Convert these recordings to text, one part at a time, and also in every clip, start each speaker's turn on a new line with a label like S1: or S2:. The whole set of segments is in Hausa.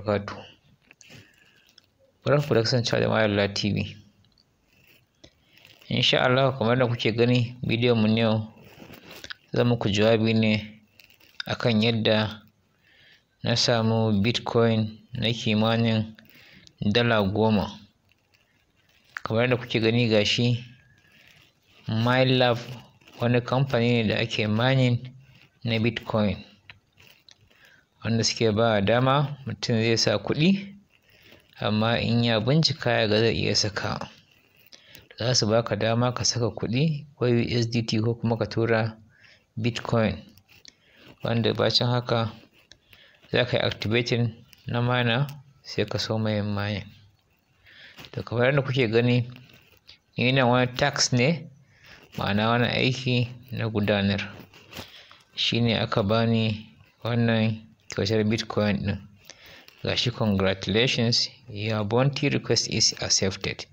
S1: barakatuh barkanku da kasancewa da TV insha Allah kamar da kuke gani bidiyon mu yau zan muku jawabi ne akan yadda na samu bitcoin na kimanin dala goma kamar da kuke gani gashi MyLab wani kamfani ne da ake mining na bitcoin wanda suke ba dama mutum zai sa kuɗi amma in ya bincika ya ga zai iya saka za su baka dama ka saka kuɗi ko USDT ko kuma ka tura Bitcoin wanda bacin haka za ka yi activating na mana sai ka so mayan mayan to kamar yadda kuke gani yana wani tax ne ma'ana wani aiki na gudanar shine aka bani wannan kyautar bitcoin ɗin gashi congratulations your bounty request is accepted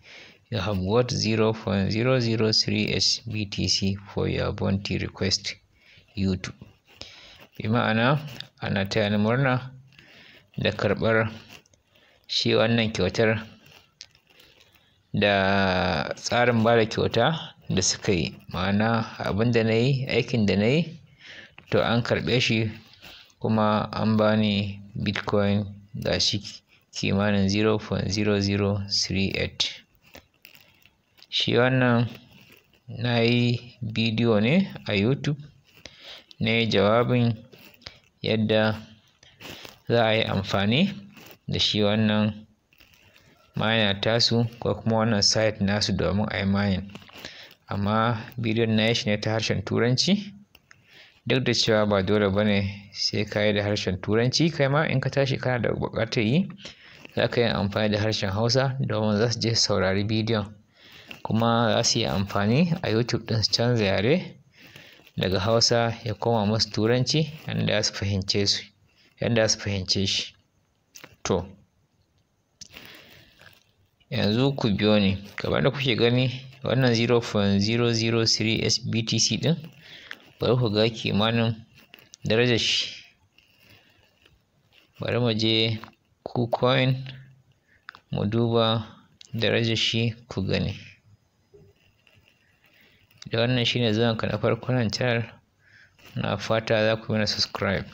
S1: you have got 0.003 BTC for your bounty request youtube bi ma'ana ana ni murna da karɓar shi wannan kyautar da tsarin ba da kyauta da suka yi ma'ana abin da na yi aikin da na yi to an karɓe shi kuma an bani bitcoin gashi kimanin 0.0038 shi wannan na yi bidiyo ne a youtube na yi jawabin yadda za a yi amfani da shi wannan miner tasu ko kuma wannan site nasu domin a yi mining amma bidiyon na yi shi ne ta harshen turanci duk da cewa ba dole ba ne sai ka yi da harshen turanci kai ma in ka tashi kana da buƙatar yi za ka yi amfani da harshen hausa domin za su je saurari bidiyon kuma za su yi amfani a youtube ɗin su canza yare daga hausa ya koma masu turanci yadda su fahimce su fahimce shi to yanzu ku biyo ni kamar da kuke gani wannan 0.003 sbtc ɗin bari ku ga kimanin darajar shi bari mu je kucoin mu duba darajar shi ku gani da wannan shine zuwan ka na farko nan tar na fata za ku mana subscribe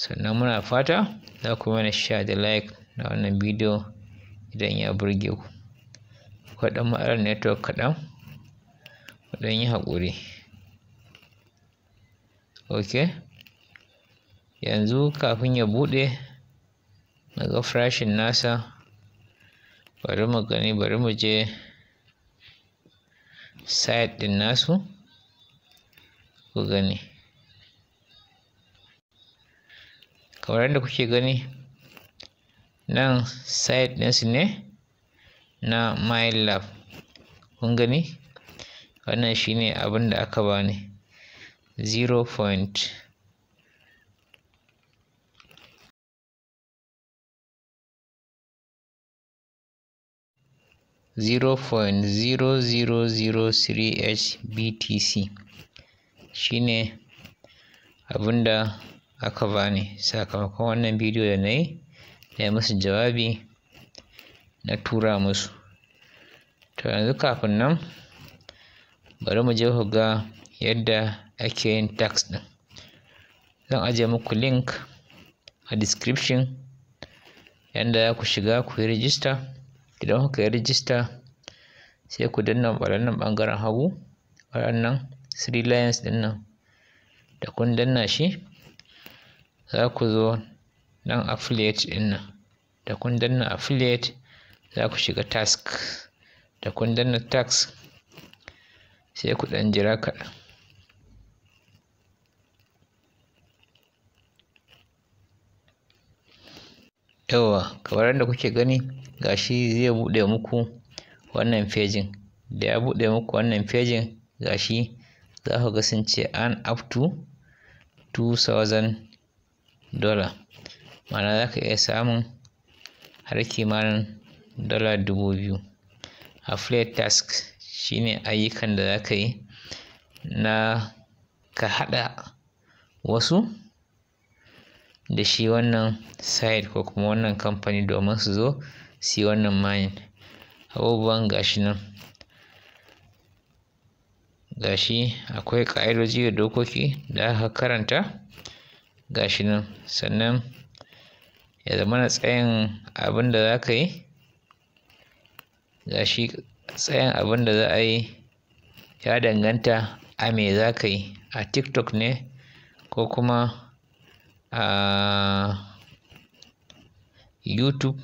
S1: sannan muna fata za ku mana share da like na wannan bidiyo idan ya burge ku akwai ɗan network kaɗan don yi haƙuri ok yanzu kafin ya buɗe na ga farashin nasa bari mu gani bari mu je site ɗin nasu ku gani kamar yadda kuke gani nan site ɗinsu ne na my lab kun gani wannan shine abin da aka ba 0 0.0003 zero point ne abin da aka ba ni aka bani sakamakon wannan bidiyo da na yi da musu jawabi na tura musu to yanzu kafin nan bari mu je ku ga yadda ake yin tax ɗin zan ajiye muku link a description yadda za ku shiga ku yi rijista idan kuka yi rijista sai ku danna waɗannan ɓangaren hagu waɗannan three lines ɗin nan da kun danna shi za ku zo nan affiliate ɗin nan da kun danna affiliate za ku shiga task da kun danna task sai ku ɗan jira kaɗan yawwa kamar yadda kuke gani gashi zai buɗe muku wannan fejin da ya buɗe muku wannan fejin gashi za ku ga sun ce an up to 2000 dollar ma'ana za ka iya samun har kimanin dala dubu biyu affiliate task shine ayyukan da za ka yi na ka haɗa wasu da shi wannan site ko kuma wannan kamfani domin su zo su yi wannan mayan abubuwan gashi nan gashi akwai ƙa'idoji da dokoki da aka karanta gashi nan sannan ya zama na tsayin abin da za ka yi gashi tsayin abin da za a yi ya danganta a me za ka yi a tiktok ne ko kuma a youtube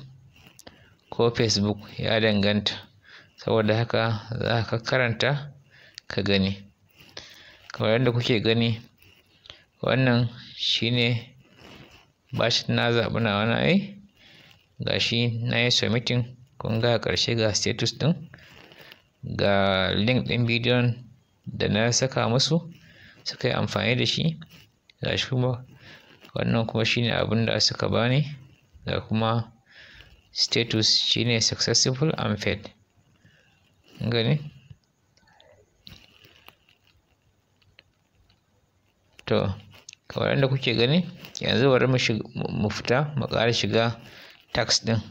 S1: ko facebook ya danganta saboda haka za ka karanta ka gani kamar yadda kuke gani wannan shine bashin na zaɓi na wani ai gashi na yi submitting kun ga ƙarshe ga status ɗin ga link ɗin bidiyon da na saka musu suka yi amfani da shi ga shi kuma wannan kuma shine abin da suka bani ga kuma status shine successful and fed, gani to kamar yadda kuke gani yanzu bari mu fita mu ƙara shiga tax ɗin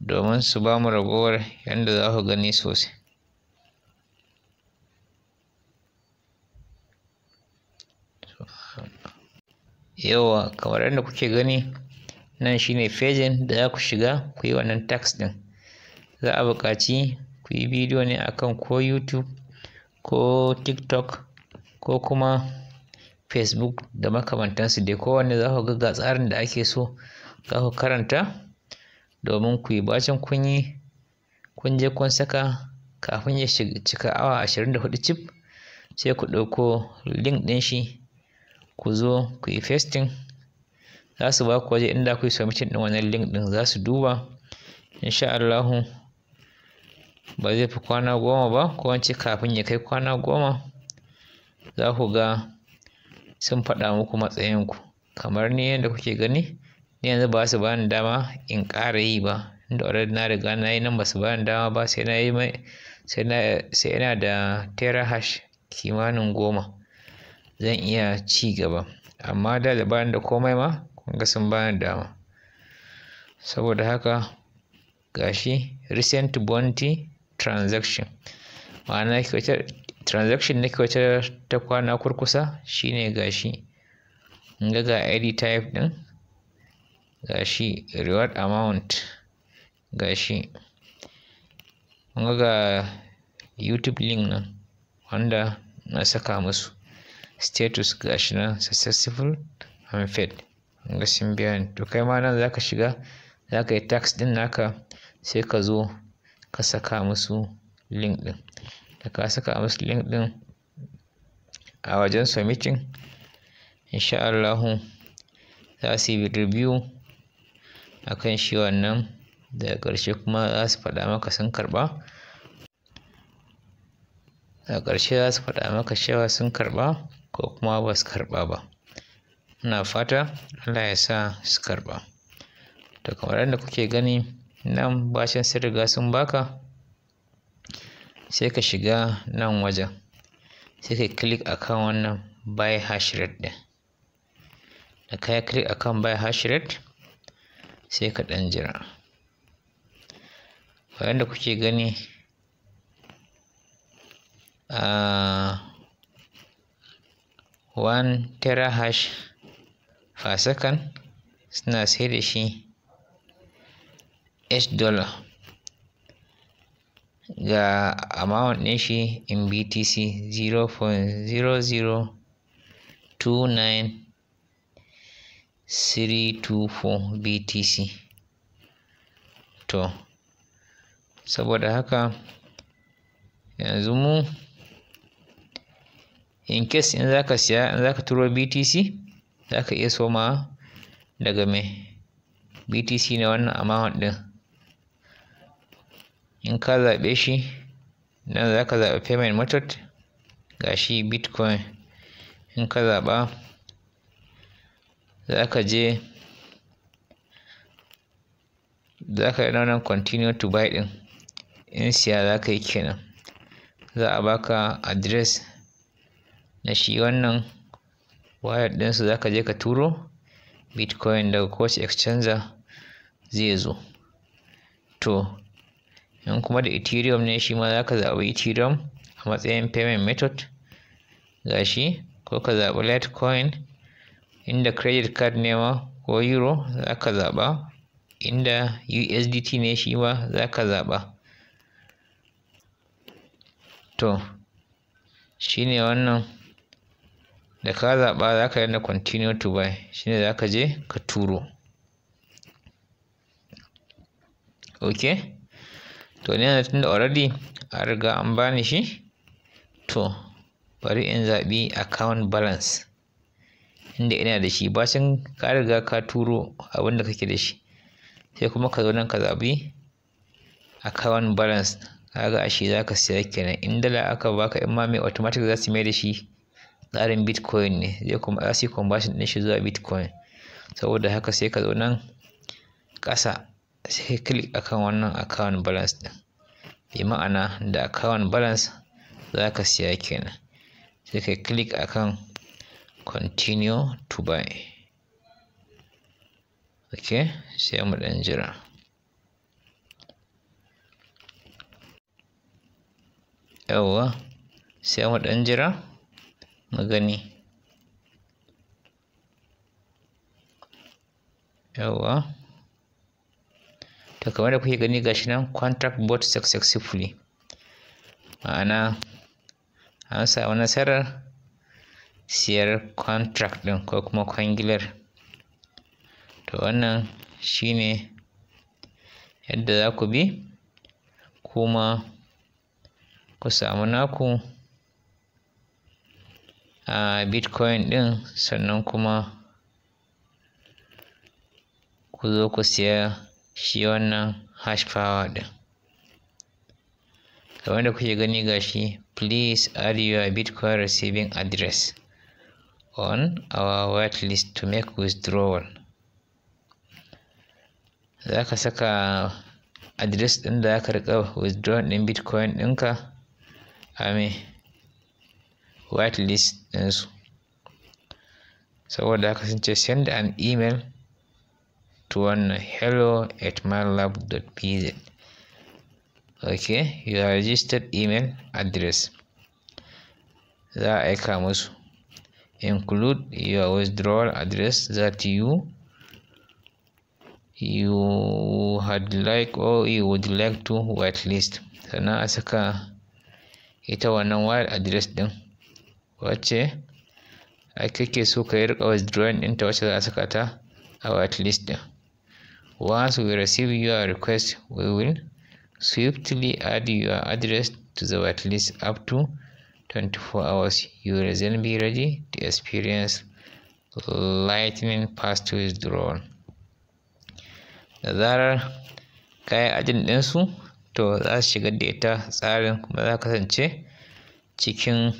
S1: domin su ba mu ragowar yadda za ku gani sosai yawa kamar yadda kuke gani nan shine fejin da za ku shiga ku yi wannan tax ɗin za a buƙaci ku yi bidiyo ne akan ko youtube ko tiktok ko kuma facebook da makamantansu dai kowanne za ku ga tsarin da ake so za ku karanta domin ku yi bacin kun yi kun je kun saka kafin ya cika awa 24 chip sai ku ɗauko link ɗin shi ku zo ku yi festin za su ba ku waje inda ku yi submitting ɗin wannan link ɗin za su duba insha Allahu ba zai fi kwana goma ba ko wance kafin ya kai kwana goma za ku ga sun faɗa muku matsayinku kamar ni yadda kuke gani ni yanzu ba su bani dama in ƙara yi ba inda already na riga na yi nan ba su bani dama ba sai na yi mai sai na sai ina da tera hash kimanin goma zan iya ci gaba amma da da bani da komai ma kun ga sun bani dama saboda haka gashi recent bounty transaction ma'ana transaction na kyautar ta kwana kurkusa shine gashi ga ga id type din gashi reward amount gashi ga ga youtube link nan wanda na saka musu status gashi nan successful and failed ga sun biya ne to kai ma nan za ka shiga za ka yi tax din naka sai ka zo ka saka musu link din da ka saka musu link din a wajen submitting insha allahu za su yi review kan shi wannan daga ƙarshe kuma za su faɗa maka sun karɓa daga ƙarshe za su faɗa maka cewa sun karɓa ko kuma ba su karɓa ba ina fata Allah ya sa su karɓa to kamar yadda kuke gani nan bashin sun riga sun baka sai ka shiga nan wajen sai ka click akan wannan buy hash rate ɗin da ka yi click akan buy hash rate sai ka ɗan jira kamar yadda kuke gani ah, 1 tera hash per second suna sai da shi h dollar ga amount ɗin shi in btc 0.0029324 btc to saboda haka yanzu mu in case in zaka siya in zaka turo BTC zaka iya soma daga me BTC ne wannan amount din in ka zaɓe shi nan zaka zabe payment method gashi Bitcoin in ka zaɓa zaka je zaka yi nan continue to buy din in siya zaka yi kenan za a baka address na shi wannan wayar ɗinsu za ka je ka turo bitcoin daga kowace exchanger zai zo to in kuma da ethereum ne shi ma za ka zaɓi ethereum a matsayin payment method gashi ko ka zaɓi litecoin inda credit card ne ma ko euro za ka zaɓa inda usdt ne shi ma za ka zaɓa to shi ne wannan da ka zaɓa za ka yana continue to buy shine za ka je ka turo ok to ni yana tunda already a riga an bani shi to bari in zaɓi account balance inda ina da shi bacin ka riga ka turo abinda kake da shi sai kuma ka zo nan ka zaɓi account balance kaga ashe za ka siya kenan in dala aka baka in ma mai automatic za su mai da shi tsarin bitcoin ne zai kuma ya su conversion ɗin shi zuwa bitcoin saboda haka sai ka zo nan ƙasa sai click akan wannan account balance din bi ma'ana da account balance za ka siya kenan sai ka click akan continue to buy ok sai mu ɗan jira yawwa sai mu ɗan jira mu gani yawwa to kamar da kuke gani gashi nan contract bought successfully ma'ana an samu nasarar siyar contract din ko kuma kwangilar to wannan shine yadda za ku bi kuma ku samu naku a bitcoin din sannan kuma ku zo ku siya shi wannan hash power ɗin kamar da kuke gani gashi please add your bitcoin receiving address on our whitelist to make withdrawal za ka saka adres ɗin da ka riƙa withdrawal ɗin bitcoin dinka? amin whitelist So what I can ce send an email to one hello at mylab.pz okay your registered email address The a include your withdrawal address that you you had like or you would like to whitelist sannan a saka ita wannan wire address then. wacce kake so ka riƙa withdrawing ɗinta wacce za a saka ta a whitelist ɗin once we receive your request we will swiftly add your address to the whitelist up to 24 hours you will then be ready to experience lightning fast withdrawal da zarar kayan ajin ɗinsu to za su shiga da ita tsarin kuma za kasance cikin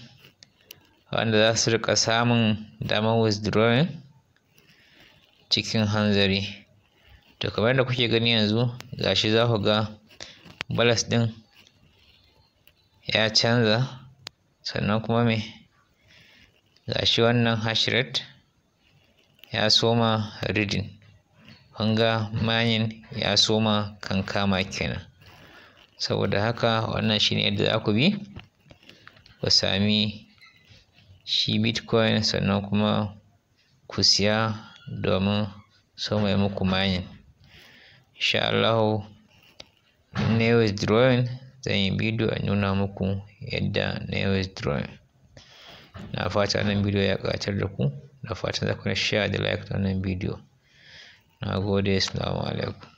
S1: wanda za su rika samun damar withdrawing cikin hanzari to kamar da kuke gani yanzu gashi za ku ga balas ɗin ya canza sannan kuma me gashi wannan hash rate ya soma reading kun manyan ya soma kankama kenan saboda haka wannan shine yadda za ku bi ku sami shi bitcoin sannan kuma ku siya domin so mai muku mining insha Allahu na yi withdrawing zan yi bidiyo a nuna muku yadda na yi withdrawing na fata wannan bidiyo ya ƙatar da ku Na fata za ku na share da like wannan bidiyo na gode assalamu alaikum